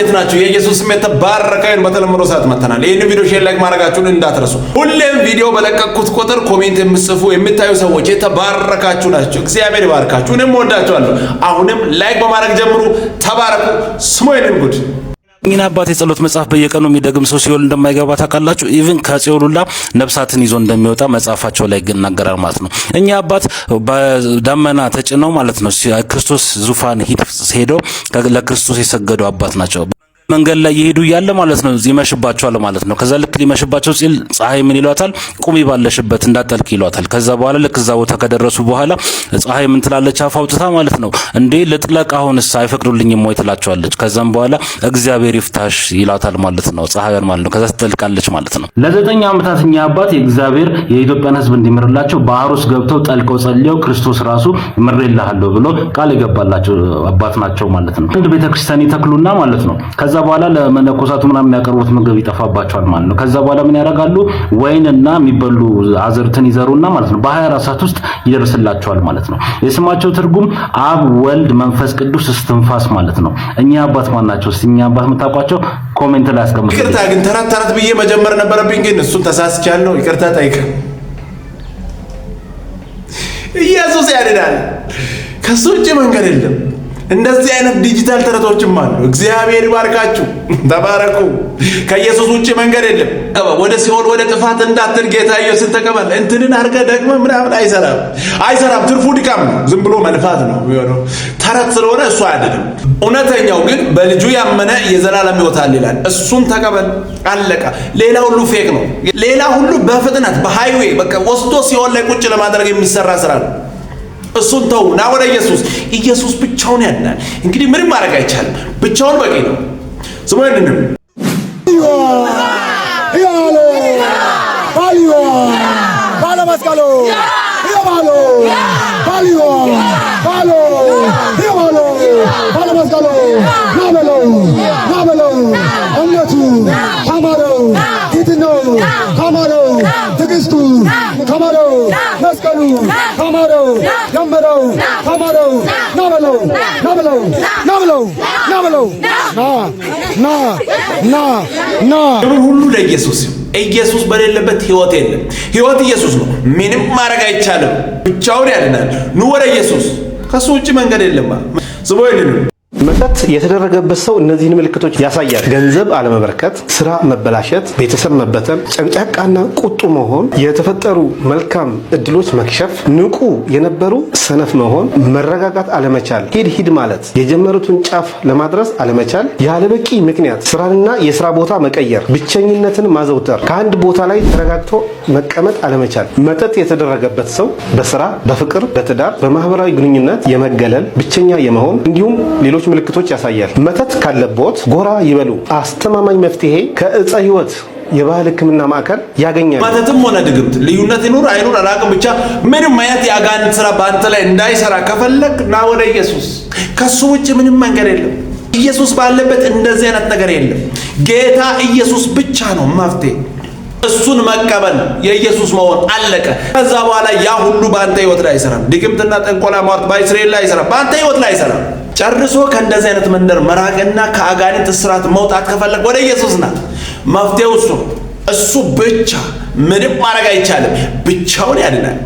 እንዴት ናችሁ? የኢየሱስ ስም የተባረከ ይሁን። በተለምዶ ሰዓት መተናል። ይህን ቪዲዮ ሼር ላይክ ማድረጋችሁን እንዳትረሱ። ሁሌም ቪዲዮ በለቀቅኩት ቁጥር ኮሜንት የምጽፉ የምታዩ ሰዎች የተባረካችሁ ናቸው። እግዚአብሔር ይባርካችሁ። እኔም ወዳችኋለሁ። አሁንም ላይክ በማድረግ ጀምሩ። ተባረኩ። ስሙ ይንን ጉድ እኝን አባት የጸሎት መጽሐፍ በየቀኑ የሚደግም ሰው ሲኦል እንደማይገባ ታውቃላችሁ። ኢቭን ከጽዮሉላ ነብሳትን ይዞ እንደሚወጣ መጽሐፋቸው ላይ ይናገራል ማለት ነው። እኛ አባት በደመና ተጭነው ማለት ነው ክርስቶስ ዙፋን ሄደው ለክርስቶስ የሰገዱ አባት ናቸው። መንገድ ላይ ይሄዱ እያለ ማለት ነው ይመሽባቸዋል ማለት ነው። ከዛ ልክ ሊመሽባቸው ሲል ፀሐይ ምን ይሏታል? ቁሚ ባለሽበት እንዳጠልቅ ይሏታል። ከዛ በኋላ ልክ እዛ ቦታ ከደረሱ በኋላ ፀሐይ ምን ትላለች? አፍ አውጥታ ማለት ነው እንዴ ልጥለቅ አሁንስ አይፈቅዱልኝም ወይ ትላቸዋለች። ከዛም በኋላ እግዚአብሔር ይፍታሽ ይላታል ማለት ነው ፀሐይዋን ማለት ነው። ከዛ ትጠልቃለች ማለት ነው። ለዘጠኝ ዓመታት እኛ አባት የእግዚአብሔር የኢትዮጵያን ሕዝብ እንዲምርላቸው ባህር ውስጥ ገብተው ጠልቀው ጸልየው ክርስቶስ ራሱ ምሬልሃለሁ ብሎ ቃል የገባላቸው አባት ናቸው ማለት ነው። አንድ ቤተክርስቲያን ይተክሉና ማለት ነው ከዛ ከዛ በኋላ ለመነኮሳቱ ምናምን የሚያቀርቡት ምግብ ይጠፋባቸዋል ማለት ነው። ከዛ በኋላ ምን ያደርጋሉ? ወይንና የሚበሉ አዝርትን ይዘሩና ማለት ነው በሀያ አራት ሰዓት ውስጥ ይደርስላቸዋል ማለት ነው። የስማቸው ትርጉም አብ ወልድ መንፈስ ቅዱስ እስትንፋስ ማለት ነው። እኛ አባት ማን ናቸው? እኛ አባት የምታውቋቸው ኮሜንት ላይ አስቀምጡ። ይቅርታ ግን ተረት ተረት ብዬ መጀመር ነበረብኝ፣ ግን እሱን ተሳስቻለሁ። ይቅርታ ጠይቅ። ኢየሱስ ያድናል። ከሱ ውጭ መንገድ የለም። እንደዚህ አይነት ዲጂታል ተረቶችም አሉ። እግዚአብሔር ይባርካችሁ፣ ተባረኩ። ከኢየሱስ ውጭ መንገድ የለም። ወደ ሲኦል ወደ ጥፋት እንዳትል ጌታ ኢየሱስ ተቀበል። እንትንን አርገ ደግሞ ምናምን አይሰራም፣ አይሰራም። ትርፉ ድካም ነው፣ ዝም ብሎ መልፋት ነው የሚሆነው። ተረት ስለሆነ እሱ አይደለም። እውነተኛው ግን በልጁ ያመነ የዘላለም ይወታል ይላል። እሱን ተቀበል፣ አለቀ። ሌላ ሁሉ ፌክ ነው። ሌላ ሁሉ በፍጥነት በሃይዌ በቃ ወስዶ ሲኦል ላይ ቁጭ ለማድረግ የሚሰራ ስራ ነው። እሱን ተው ና ወደ ኢየሱስ። ኢየሱስ ብቻውን ያድናል። እንግዲህ ምንም ማድረግ አይቻልም። ብቻውን በቂ ነው። ስሙ ያንንም እምነቱ ተማረው ጌትነው ተማረው ትዕግስቱ ተማረው መስቀሉ አማረው ጀመረው ተማረው ና በለው ና በለው ና በለው ና በለው ና ና ና ና ሁሉ ለኢየሱስ ኢየሱስ በሌለበት ህይወት የለም። ህይወት ኢየሱስ ነው። ምንም ማድረግ አይቻልም። ብቻውን ያድናል። ኑ ወደ ኢየሱስ። ከሱ ውጭ መንገድ የለም። ዝቦ ይልሉ መጠጥ የተደረገበት ሰው እነዚህን ምልክቶች ያሳያል። ገንዘብ አለመበርከት፣ ስራ መበላሸት፣ ቤተሰብ መበተን፣ ጨቅጫቃና ቁጡ መሆን፣ የተፈጠሩ መልካም እድሎች መክሸፍ፣ ንቁ የነበሩ ሰነፍ መሆን፣ መረጋጋት አለመቻል፣ ሂድ ሂድ ማለት፣ የጀመሩትን ጫፍ ለማድረስ አለመቻል፣ ያለበቂ ምክንያት ስራንና የስራ ቦታ መቀየር፣ ብቸኝነትን ማዘውተር፣ ከአንድ ቦታ ላይ ተረጋግቶ መቀመጥ አለመቻል። መጠጥ የተደረገበት ሰው በስራ በፍቅር፣ በትዳር፣ በማህበራዊ ግንኙነት የመገለል ብቸኛ የመሆን እንዲሁም ሌሎች ምልክቶች ያሳያል። መተት ካለቦት ጎራ ይበሉ። አስተማማኝ መፍትሄ ከእፀ ህይወት የባህል ሕክምና ማዕከል ያገኛል። መተትም ሆነ ድግምት ልዩነት ይኑር አይኑር አላቅም ብቻ ምንም አይነት የአጋንንት ስራ በአንተ ላይ እንዳይሰራ ከፈለግ ና ወደ ኢየሱስ። ከሱ ውጭ ምንም መንገድ የለም። ኢየሱስ ባለበት እንደዚህ አይነት ነገር የለም። ጌታ ኢየሱስ ብቻ ነው መፍትሄ። እሱን መቀበል የኢየሱስ መሆን አለቀ። ከዛ በኋላ ያ ሁሉ በአንተ ህይወት ላይ አይሰራም። ድግምትና ጥንቆላ፣ ሟርት በእስራኤል ላይ አይሰራም፣ በአንተ ህይወት ላይ አይሰራም። ጨርሶ ከእንደዚህ አይነት መንደር መራቅና ከአጋንንት እስራት መውጣት ከፈለግ ወደ ኢየሱስ ና። መፍትሄው እሱ እሱ ብቻ። ምንም ማድረግ አይቻልም። ብቻውን ያድናል።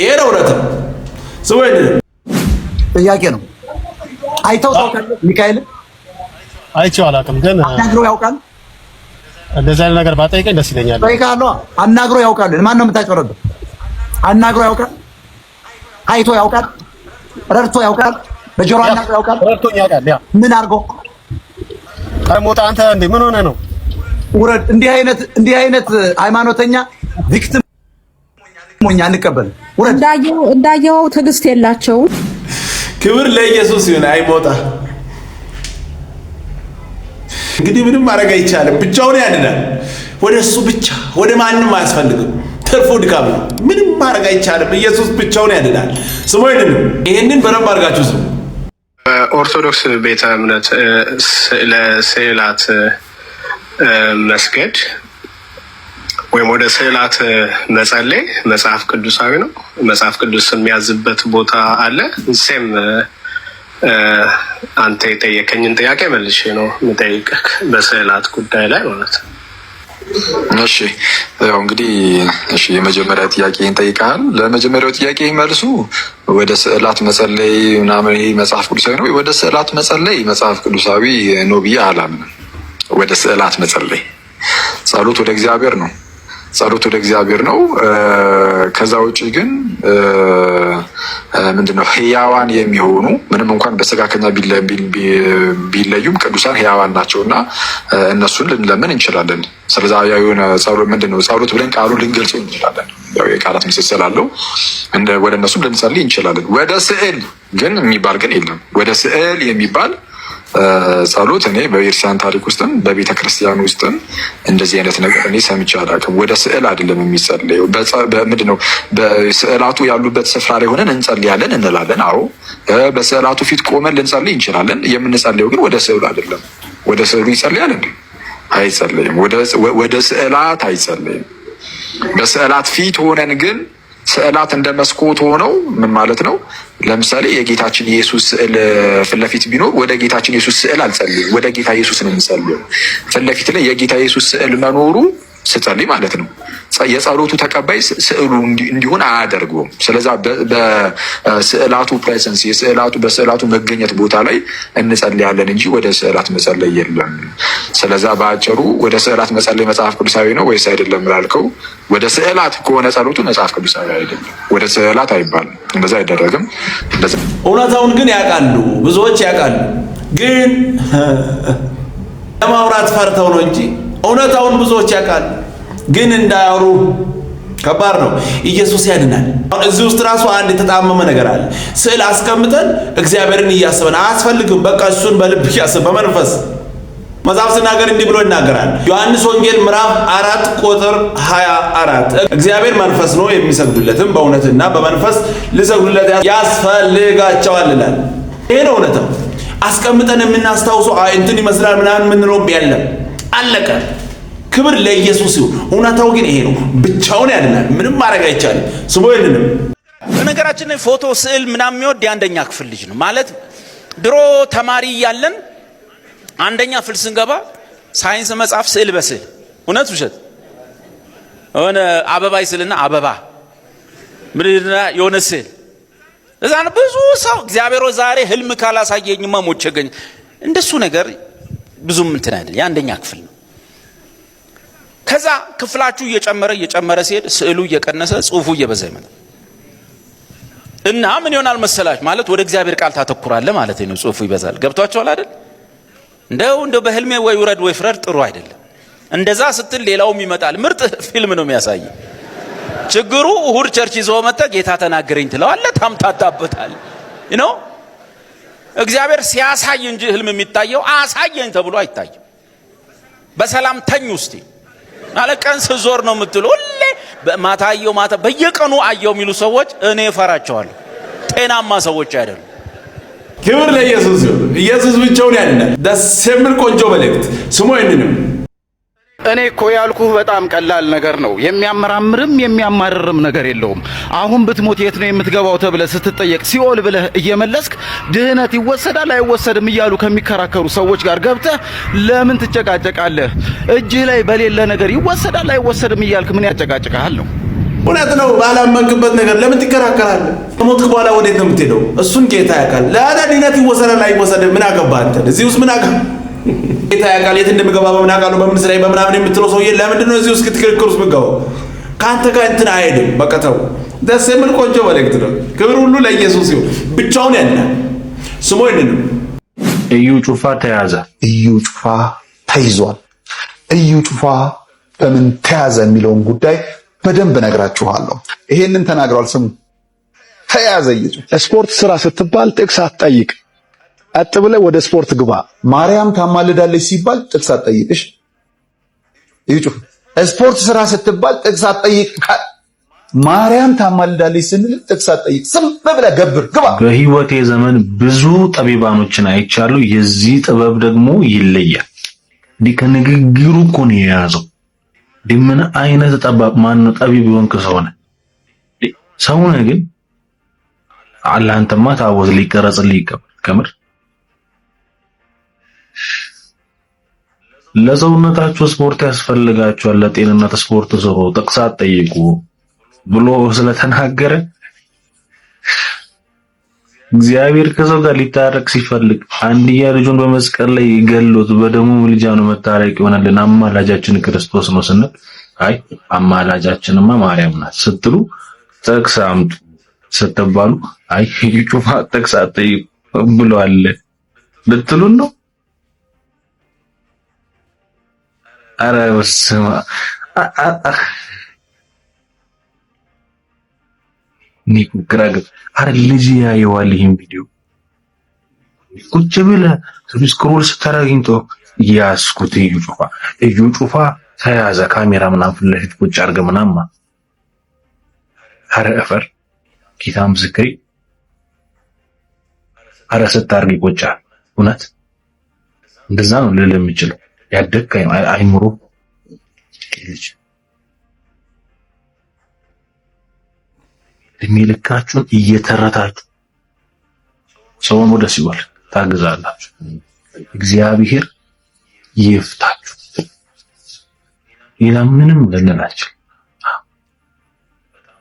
ይሄ ነው እውነትም። ስወይ ጥያቄ ነው። አይተው ታውቃል? ሚካኤል አይቼው አላውቅም፣ ግን አናግሮ ያውቃል። እንደዚህ አይነት ነገር ባጠይቀኝ ደስ ይለኛል። ጠይቃለሁ። አናግሮ ያውቃል። ማን ነው የምታጨረበት? አናግሮ ያውቃል። አይቶ ያውቃል። ረድቶ ያውቃል። በጆሮ አናውቅ ያውቃል። ምን አድርጎ ሞታ? አንተ እንዴ ምን ሆነ ነው? ውረድ። እንዲህ አይነት እንዲህ አይነት ሃይማኖተኛ ቪክቲም ሞኛ አንቀበልም። ውረድ። እንዳየው እንዳየው ትዕግስት የላቸውም። ክብር ለኢየሱስ ይሁን። አይ እንግዲህ ምንም ማድረግ አይቻልም። ብቻውን ያድናል። ወደ እሱ ብቻ ወደ ማንም አያስፈልግም። ትርፉ ድካም ነው። ምንም ማድረግ አይቻልም። ኢየሱስ ብቻውን ያድናል። ስሙ ይድን። ይህንን በደንብ አድርጋችሁ ስሙ። በኦርቶዶክስ ቤተ እምነት ለስዕላት መስገድ ወይም ወደ ስዕላት መጸለይ መጽሐፍ ቅዱሳዊ ነው። መጽሐፍ ቅዱስ የሚያዝበት ቦታ አለ። ሴም አንተ የጠየቀኝን ጥያቄ መልሼ ነው የምጠይቅህ በስዕላት ጉዳይ ላይ ማለት ነው። እሺ ያው እንግዲህ እሺ የመጀመሪያ ጥያቄ እንጠይቃል። ለመጀመሪያው ጥያቄ መልሱ ወደ ስዕላት መጸለይ ምናምን መጽሐፍ ቅዱሳዊ ነው። ወደ ስዕላት መጸለይ መጽሐፍ ቅዱሳዊ ነው ብዬ አላምንም። ወደ ስዕላት መጸለይ ጸሎት ወደ እግዚአብሔር ነው። ጸሎት ወደ እግዚአብሔር ነው። ከዛ ውጭ ግን ምንድነው ህያዋን የሚሆኑ ምንም እንኳን በስጋከኛ ቢለዩም ቅዱሳን ህያዋን ናቸው እና እነሱን ልንለምን እንችላለን። ስለዛ የሆነ ጸሎት ምንድነው ጸሎት ብለን ቃሉ ልንገልጸው እንችላለን። ያው የቃላት ምስስል አለው። ወደ እነሱም ልንጸልይ እንችላለን። ወደ ስዕል ግን የሚባል ግን የለም። ወደ ስዕል የሚባል ጸሎት እኔ በቤርሲያን ታሪክ ውስጥም በቤተ ክርስቲያን ውስጥም እንደዚህ አይነት ነገር እኔ ሰምቼ አላውቅም። ወደ ስዕል አይደለም የሚጸለየው። ምንድን ነው በስዕላቱ ያሉበት ስፍራ ላይ ሆነን እንጸልያለን እንላለን። አዎ በስዕላቱ ፊት ቆመን ልንጸልይ እንችላለን። የምንጸልየው ግን ወደ ስዕሉ አይደለም። ወደ ስዕሉ ይጸልያል እንዴ? አይጸለይም። ወደ ስዕላት አይጸለይም። በስዕላት ፊት ሆነን ግን ስዕላት እንደ መስኮት ሆነው ምን ማለት ነው? ለምሳሌ የጌታችን ኢየሱስ ስዕል ፍለፊት ቢኖር ወደ ጌታችን ኢየሱስ ስዕል አልጸልይም፣ ወደ ጌታ ኢየሱስ ነው የምጸልየው። ፊት ላይ የጌታ ኢየሱስ ስዕል መኖሩ ስጸልይ ማለት ነው። የጸሎቱ ተቀባይ ስዕሉ እንዲሆን አያደርገውም። ስለዛ በስዕላቱ ፕሬሰንስ የስዕላቱ በስዕላቱ መገኘት ቦታ ላይ እንጸልያለን እንጂ ወደ ስዕላት መጸለይ የለም። ስለዛ በአጭሩ ወደ ስዕላት መጸለይ መጽሐፍ ቅዱሳዊ ነው ወይስ አይደለም ላልከው፣ ወደ ስዕላት ከሆነ ጸሎቱ መጽሐፍ ቅዱሳዊ አይደለም። ወደ ስዕላት አይባልም። እንደዛ አይደረግም። እውነታውን ግን ያውቃሉ፣ ብዙዎች ያውቃሉ። ግን ለማውራት ፈርተው ነው እንጂ እውነታውን ብዙዎች ያውቃል፣ ግን እንዳያወሩ ከባድ ነው። ኢየሱስ ያድናል። እዚህ ውስጥ ራሱ አንድ የተጣመመ ነገር አለ። ስዕል አስቀምጠን እግዚአብሔርን እያስበን አያስፈልግም። በቃ እሱን በልብ እያስብ በመንፈስ መጽሐፍ ስናገር እንዲህ ብሎ ይናገራል። ዮሐንስ ወንጌል ምዕራፍ አራት ቁጥር ሀያ አራት እግዚአብሔር መንፈስ ነው የሚሰግዱለትም በእውነትና በመንፈስ ሊሰግዱለት ያስፈልጋቸዋል ይላል። ይህን ነው አስቀምጠን የምናስታውሰው እንትን ይመስላል ምናምን የምንለውም የለም። አለቀ። ክብር ለኢየሱስ ይሁን። እውነታው ግን ይሄ ነው። ብቻውን ያድናል። ምንም ማድረግ አይቻልም። ስሙ ይልንም በነገራችን ላይ ፎቶ፣ ስዕል ምናምን የሚወድ የአንደኛ ክፍል ልጅ ነው ማለት ድሮ ተማሪ እያለን አንደኛ ክፍል ስንገባ ሳይንስ መጽሐፍ ስዕል በስዕል እውነት ውሸት የሆነ አበባ ይስልና አበባ ምድና የሆነ ስዕል እዛን ብዙ ሰው እግዚአብሔሮ ዛሬ ህልም ካላሳየኝማ ገኝ እንደሱ ነገር ብዙም እንትን አይደል። የአንደኛ ክፍል ነው። ከዛ ክፍላችሁ እየጨመረ እየጨመረ ሲሄድ ስዕሉ እየቀነሰ ጽሁፉ እየበዛ ይመጣል እና ምን ይሆናል መሰላች ማለት ወደ እግዚአብሔር ቃል ታተኩራለ ማለት ነው። ጽሁፉ ይበዛል። ገብቷችኋል አይደል? እንደው እንደው በህልሜ ወይ ውረድ ወይ ፍረድ ጥሩ አይደለም። እንደዛ ስትል ሌላውም ይመጣል። ምርጥ ፊልም ነው የሚያሳይ። ችግሩ እሁድ ቸርች ይዞ መጠ ጌታ ተናገረኝ ትለዋለ ታምታታበታል ነው እግዚአብሔር ሲያሳይ እንጂ ህልም የሚታየው አሳየኝ ተብሎ አይታይም። በሰላም ተኝ ውስቲ አለ ቀን ስዞር ነው የምትሉ ሁሌ ማታ አየው ማታ በየቀኑ አየው የሚሉ ሰዎች እኔ እፈራቸዋለሁ። ጤናማ ሰዎች አይደሉም። ክብር ለኢየሱስ። ኢየሱስ ብቻውን ያለ ደስ የሚል ቆንጆ መልእክት ስሙ ይንንም እኔ እኮ ያልኩህ በጣም ቀላል ነገር ነው። የሚያመራምርም የሚያማርርም ነገር የለውም። አሁን ብትሞት የት ነው የምትገባው ተብለህ ስትጠየቅ ሲኦል ብለህ እየመለስክ ድህነት ይወሰዳል አይወሰድም እያሉ ከሚከራከሩ ሰዎች ጋር ገብተህ ለምን ትጨቃጨቃለህ? እጅህ ላይ በሌለ ነገር ይወሰዳል አይወሰድም እያልክ ምን ያጨቃጭቃል ነው? እውነት ነው። ባላመንክበት ነገር ለምን ትከራከራለህ? ከሞትክ በኋላ ወዴት ነው የምትሄደው? እሱን ጌታ ያውቃል። ለአዳ ድህነት ይወሰዳል አይወሰድም ምን አገባህ አንተ? እዚህ ውስጥ ምን አገባህ? ጌታ ያውቃል የት እንደምገባ በምን አውቃለሁ በምን ስራዬ በምናምን የምትለው ሰውዬ ለምንድን ነው እዚህ ውስጥ ክርክር ውስጥ ምገባው? ከአንተ ጋር እንትን አይሄድም። በቃ ተው። ደስ የሚል ቆንጆ መልእክት ነው። ክብር ሁሉ ለኢየሱስ ይሁን። ብቻውን ያለ ስሙ ይንን እዩ ጩፋ ተያዘ። እዩ ጩፋ ተይዟል። እዩ ጩፋ በምን ተያዘ የሚለውን ጉዳይ በደንብ እነግራችኋለሁ። ይሄንን ተናግሯል። ስሙ ተያዘ። ስፖርት ስራ ስትባል ጥቅስ አትጠይቅ። ቀጥ ብለህ ወደ ስፖርት ግባ። ማርያም ታማልዳለች ሲባል ጥቅስ አትጠይቅሽ። ይጩ ስፖርት ስራ ስትባል ጥቅስ አትጠይቅ። ማርያም ታማልዳለች ስንል ጥቅስ አትጠይቅ። ስም ብለህ ገብር ግባ። በህይወቴ ዘመን ብዙ ጠቢባኖችን አይቻሉ። የዚህ ጥበብ ደግሞ ይለያል። እንዲህ ከንግግሩ እኮ ነው የያዘው። ምን አይነት ጠባብ ማን ነው ጠቢብ ቢሆንክ ሰው ሰውነ ግን አላንተማ ታቦት ሊቀረጽ ሊቀበል ከምር ለሰውነታቸው ስፖርት ያስፈልጋቸዋል ለጤንነት ስፖርት ስሩ፣ ጥቅስ አትጠይቁ ብሎ ስለተናገረ እግዚአብሔር ከሰው ጋር ሊታረቅ ሲፈልግ አንድያ ልጁን በመስቀል ላይ ገሎት በደሙ ምልጃ ነው መታረቅ ይሆናልን፣ አማላጃችን ክርስቶስ ነው ስንል አይ አማላጃችንማ ማርያም ናት ስትሉ ጥቅስ አምጡ ስትባሉ አይ ጥቅስ አትጠይቁ ብለዋል ልትሉን ነው። ኧረ በስመ አብ እኔ ልጅ ያየዋል ይሄን ቪዲዮ ቁጭ ስክሮል ያስኩት እዩ ጩፋ እዩ ጩፋ ተያዘ ካሜራ ቁጭ አድርገህ ምናምን ኧረ እፈር ጌታ ምስክሬ ኧረ ስታርግ ይቆጫል እውነት እንደዛ ነው የምችለው ያደግ አይምሮ ልጅ እድሜ ልካችሁን እየተረታችሁ ሰውን ወደ ሲወል ታግዛላችሁ። እግዚአብሔር ይፍታችሁ። ሌላ ምንም ልንላችሁ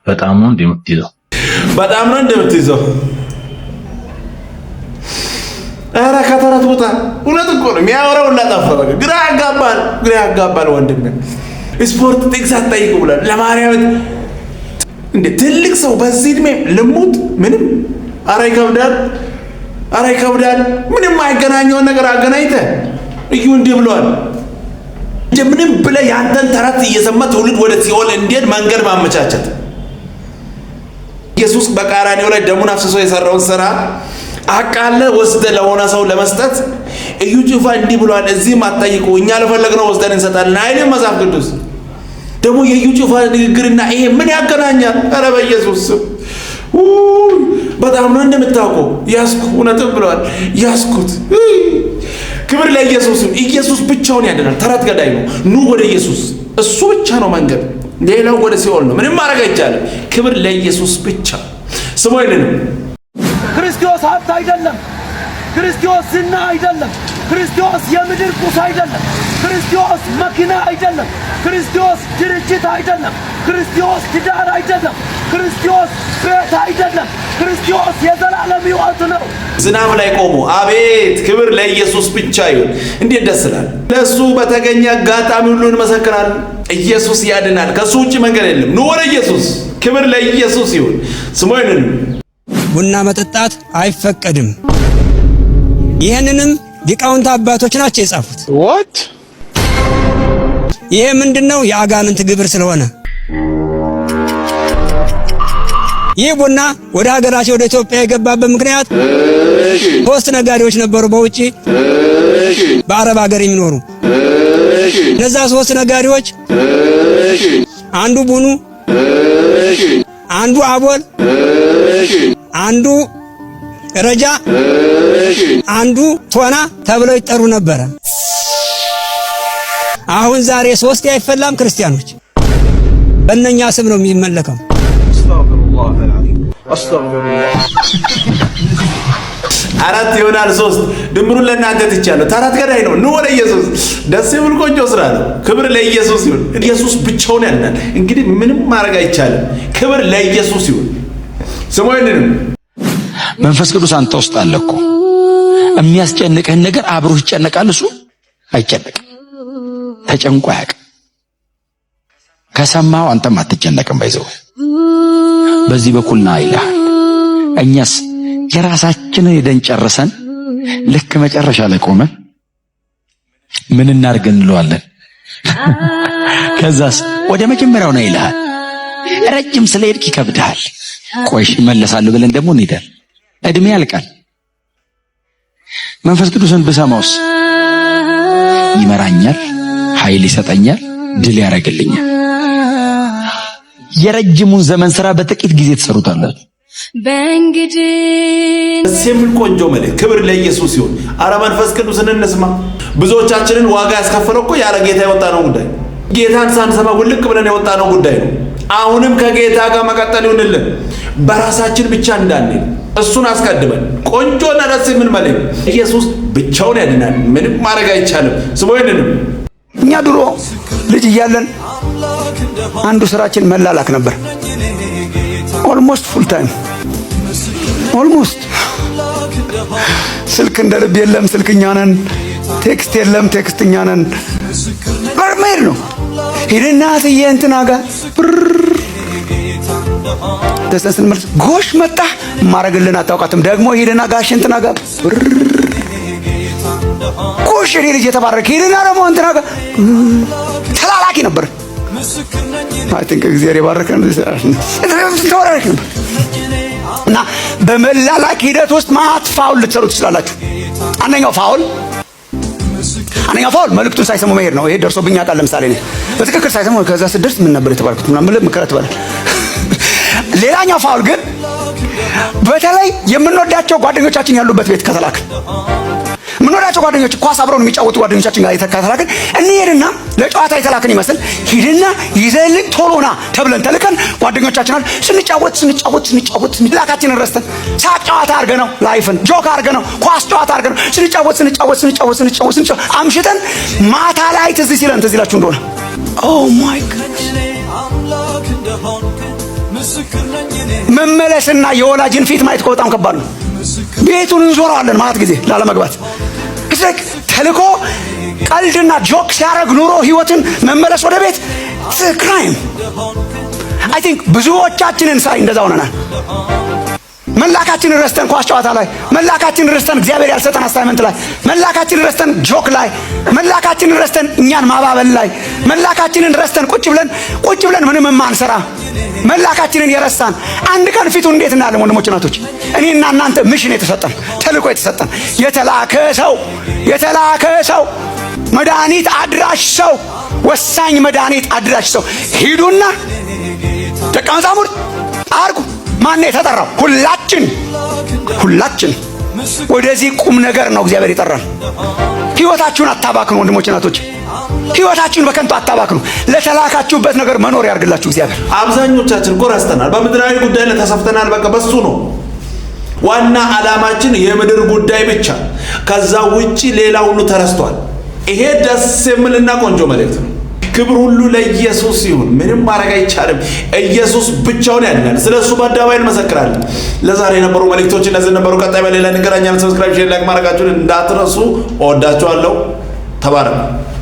በጣም ነው እንደምትይዘው በጣም ነው እንደምትይዘው ኧረ ከተረት ውጣ። እውነት እኮ ነው የሚያወራው። ላጣፈ ግራ ያጋባል፣ ግራ ያጋባል። ወንድም ስፖርት ጥቅስ አትጠይቁ ብሏል። ለማርያም እንደ ትልቅ ሰው በዚህ እድሜ ልሙት ምንም ኧረ ይከብዳል፣ ኧረ ይከብዳል። ምንም አይገናኘውን ነገር አገናኝተ እዩ እንዲህ ብሏል። ምንም ብለህ ያንተን ተረት እየሰማ ትውልድ ወደ ሲኦል እንዲሄድ መንገድ ማመቻቸት ኢየሱስ በቀራንዮ ላይ ደሙን አፍስሶ የሰራውን ስራ አቃለ ወስደ ለሆነ ሰው ለመስጠት እዩ ጩፋ እንዲህ ብሏል፣ እዚህም አጠይቁ እኛ ለፈለግነው ወስደን እንሰጣለን አይልም መጽሐፍ ቅዱስ። ደግሞ የዩ ጩፋ ንግግርና ይሄ ምን ያገናኛል? ኧረ በኢየሱስ በጣም ነው እንደምታውቀው ያስኩ እውነትም ብለዋል። ያስኩት ክብር ለኢየሱስ። ኢየሱስ ብቻውን ያድናል። ተረት ገዳይ ነው። ኑ ወደ ኢየሱስ። እሱ ብቻ ነው መንገድ፣ ሌላው ወደ ሲኦል ነው። ምንም ማድረግ አይቻልም። ክብር ለኢየሱስ ብቻ ስሙ አይደለም። ክርስቶስ ሀብት አይደለም። ክርስቶስ ዝና አይደለም። ክርስቶስ የምድር ቁስ አይደለም። ክርስቶስ መኪና አይደለም። ክርስቶስ ድርጅት አይደለም። ክርስቶስ ትዳር አይደለም። ክርስቶስ ቤት አይደለም። ክርስቶስ የዘላለም ሕይወት ነው። ዝናብ ላይ ቆሞ አቤት ክብር ለኢየሱስ ብቻ ይሁን። እንዴት ደስ ይላል! ለእሱ በተገኘ አጋጣሚ ሁሉ እንመሰክራለን። ኢየሱስ ያድናል። ከእሱ ውጭ መንገድ የለም። ኑ ወደ ኢየሱስ። ክብር ለኢየሱስ ይሁን። ስሙ ቡና መጠጣት አይፈቀድም። ይህንንም ሊቃውንት አባቶች ናቸው የጻፉት። ወት ይሄ ምንድነው? የአጋንንት ግብር ስለሆነ ይህ ቡና ወደ ሀገራችን ወደ ኢትዮጵያ የገባበት ምክንያት ሶስት ነጋዴዎች ነበሩ፣ በውጪ በአረብ ሀገር የሚኖሩ እነዛ ሶስት ነጋዴዎች አንዱ ቡኑ፣ አንዱ አቦል፣ አንዱ ረጃ፣ አንዱ ቶና ተብለው ይጠሩ ነበረ። አሁን ዛሬ ሶስት አይፈላም። ክርስቲያኖች በእነኛ ስም ነው የሚመለከው። አራት ይሆናል። ሶስት ድምሩን ለእናንተ ትቻለሁ። ታራት ገዳይ ነው። ኑ ወደ ኢየሱስ። ደስ ይብል ቆንጆ ስራ ነው። ክብር ለኢየሱስ ይሁን። ኢየሱስ ብቻውን ያልናል። እንግዲህ ምንም ማድረግ አይቻልም። ክብር ለኢየሱስ ይሁን። ስሙ መንፈስ ቅዱስ አንተ ውስጥ አለ እኮ የሚያስጨንቅህን ነገር አብሮህ ይጨነቃል። እሱ አይጨነቅም፣ ተጨንቆ አያውቅም። ከሰማው አንተም አትጨነቅም። ባይዘው በዚህ በኩል ና ይልሃል። እኛስ የራሳችንን ሄደን ጨርሰን ልክ መጨረሻ ላይ ቆመን ምን እናድርግ እንለዋለን። ከዛስ ወደ መጀመሪያው ነው ይልሃል። ረጅም ስለ ሄድክ ይከብድሃል። ቆይሽ እመለሳለሁ ብለን ደግሞ እንሄዳል። እድሜ ያልቃል። መንፈስ ቅዱስን ብሰማውስ ይመራኛል፣ ኃይል ይሰጠኛል፣ ድል ያደርግልኛል። የረጅሙን ዘመን ስራ በጥቂት ጊዜ ትሰሩታላችሁ። በእንግዲህ የሚል ቆንጆ መልእክት። ክብር ለኢየሱስ ይሁን። አረ መንፈስ ቅዱስን እንስማ። ብዙዎቻችንን ዋጋ ያስከፈለው እኮ ያለ ጌታ የወጣ ነው ጉዳይ። ጌታን ሳንሰማ ውልቅ ብለን የወጣ ነው ጉዳይ ነው። አሁንም ከጌታ ጋር መቀጠል ይሁንልን። በራሳችን ብቻ እንዳንል እሱን አስቀድመን ቆንጆና ደስ የምን መልእክት ኢየሱስ ብቻውን ያድናል። ምንም ማድረግ አይቻልም። ስቦ እኛ ድሮ ልጅ እያለን አንዱ ስራችን መላላክ ነበር። ኦልሞስት ፉል ታይም ኦልሞስት ስልክ እንደ ልብ የለም፣ ስልክ ነን። ቴክስት የለም፣ ቴክስት ነን። ነው ሂድና ትዬ እንትና ጋር ተስተን ስንመልስ ጎሽ መጣ ማረግልን አታውቃትም። ደግሞ ሄደና ጋሽ እንትና ጋር ጎሽ እኔ ልጅ የተባረክ ሄደና ደግሞ እንትና ጋር ተላላኪ ነበር። አይ እግዚአብሔር የባረከን ነበር። እና በመላላክ ሂደት ውስጥ ማት ፋውል ልትሰሩ ትችላላችሁ። አንደኛው ፋውል አንደኛ ፋውል መልእክቱን ሳይሰሙ መሄድ ነው። ይሄ ደርሶብኝ ቃል ለምሳሌ ነው በትክክል ሳይሰሙ ከዛ ስደርስ ምን ነበር የተባልኩት ምናምን ብለህ መከራ ትበላል። ሌላኛው ፋውል ግን በተለይ የምንወዳቸው ጓደኞቻችን ያሉበት ቤት ከተላክ ምንወዳቸው ጓደኞች ኳስ አብረውን የሚጫወቱ ጓደኞቻችን ጋር የተከታተላከን እንሄድና ለጨዋታ የተላከን ይመስል ሂድና ይዘልቅ ቶሎና ተብለን ተልከን ጓደኞቻችን አሉ ስንጫወት ስንጫወት ስንጫወት ላካችንን ረስተን ሳቅ ጨዋታ አርገ ነው ላይፍን ጆክ አርገ ነው ኳስ ጨዋታ አርገ ነው ስንጫወት ስንጫወት ስንጫወት ስንጫወት ስንጫወት አምሽተን ማታ ላይ ትዝ ሲለን ትዝ ይላችሁ እንደሆነ ኦ ማይ ጋድ መመለስና የወላጅን ፊት ማየት እኮ በጣም ከባድ ነው። ቤቱን እንዞረዋለን ማለት ጊዜ ላለመግባት ዝቅ ተልኮ ቀልድና ጆክ ሲያደርግ ኑሮ ህይወትን መመለስ ወደ ቤት ክራይም አይ ቲንክ ብዙዎቻችንን ሳይ እንደዛ ሆነናል። መላካችንን ረስተን ኳስ ጨዋታ ላይ፣ መላካችንን ረስተን እግዚአብሔር ያልሰጠን አሳይመንት ላይ፣ መላካችንን ረስተን ጆክ ላይ፣ መላካችንን ረስተን እኛን ማባበል ላይ፣ መላካችንን ረስተን ቁጭ ብለን ቁጭ ብለን ምንም የማንሰራ መላካችንን የረሳን አንድ ቀን ፊቱ እንዴት እናያለን? ወንድሞች እናቶች፣ እኔና እናንተ ምሽን የተሰጠን ተልእኮ የተሰጠን የተላከ ሰው የተላከ ሰው መድኃኒት አድራሽ ሰው ወሳኝ መድኃኒት አድራሽ ሰው። ሂዱና ደቀ መዛሙርት አርጉ። ማን የተጠራው? ሁላችን ሁላችን ወደዚህ ቁም ነገር ነው እግዚአብሔር ይጠራል ህይወታችሁን አታባክኑ ወንድሞች፣ እናቶች፣ ህይወታችሁን በከንቱ አታባክኑ። ለተላካችሁበት ነገር መኖር ያርግላችሁ እግዚአብሔር። አብዛኞቻችን እኮ ረስተናል። በምድራዊ ጉዳይ ላይ ተሰፍተናል። በቃ በሱ ነው ዋና ዓላማችን የምድር ጉዳይ ብቻ፣ ከዛ ውጪ ሌላ ሁሉ ተረስቷል። ይሄ ደስ የሚልና ቆንጆ መልእክት ነው። ክብር ሁሉ ለኢየሱስ ይሁን። ምንም ማድረግ አይቻልም። ኢየሱስ ብቻውን ያድናል። ስለ እሱ በአደባባይ እንመሰክራለን። ለዛሬ የነበሩ መልእክቶች እነዚህ ነበሩ። ቀጣይ በሌላ እንገናኛለን። ሰብስክራይብ፣ ሼር፣ ላይክ ማድረጋችሁን እንዳትረሱ። እወዳችኋለሁ። ተባረኩ።